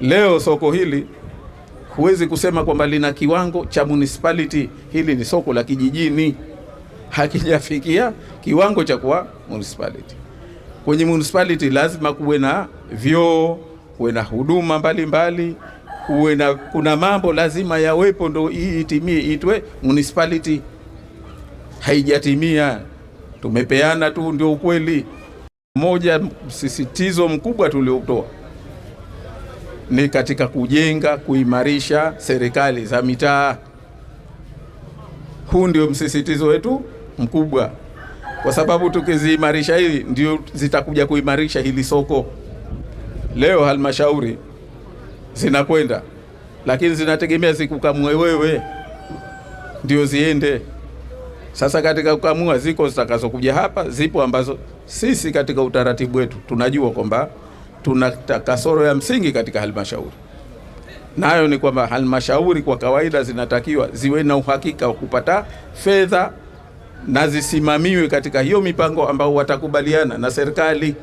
Leo soko hili huwezi kusema kwamba lina kiwango cha municipality. Hili ni soko la kijijini, hakijafikia kiwango cha kuwa municipality. Kwenye municipality lazima kuwe na vyoo, kuwe na huduma mbalimbali, kuwe na kuna mambo lazima yawepo ndo hii itimie, itwe municipality. Haijatimia, tumepeana tu, ndio ukweli. Moja msisitizo mkubwa tuliotoa ni katika kujenga kuimarisha serikali za mitaa. Huu ndio msisitizo wetu mkubwa, kwa sababu tukiziimarisha hili ndio zitakuja kuimarisha hili soko. Leo halmashauri zinakwenda, lakini zinategemea zikukamue wewe ndio ziende. Sasa katika kukamua, ziko zitakazokuja hapa, zipo ambazo sisi katika utaratibu wetu tunajua kwamba tuna kasoro ya msingi katika halmashauri, nayo ni kwamba halmashauri kwa kawaida zinatakiwa ziwe na uhakika wa kupata fedha na zisimamiwe katika hiyo mipango ambao watakubaliana na serikali.